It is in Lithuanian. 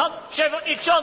Pan przewodniczący!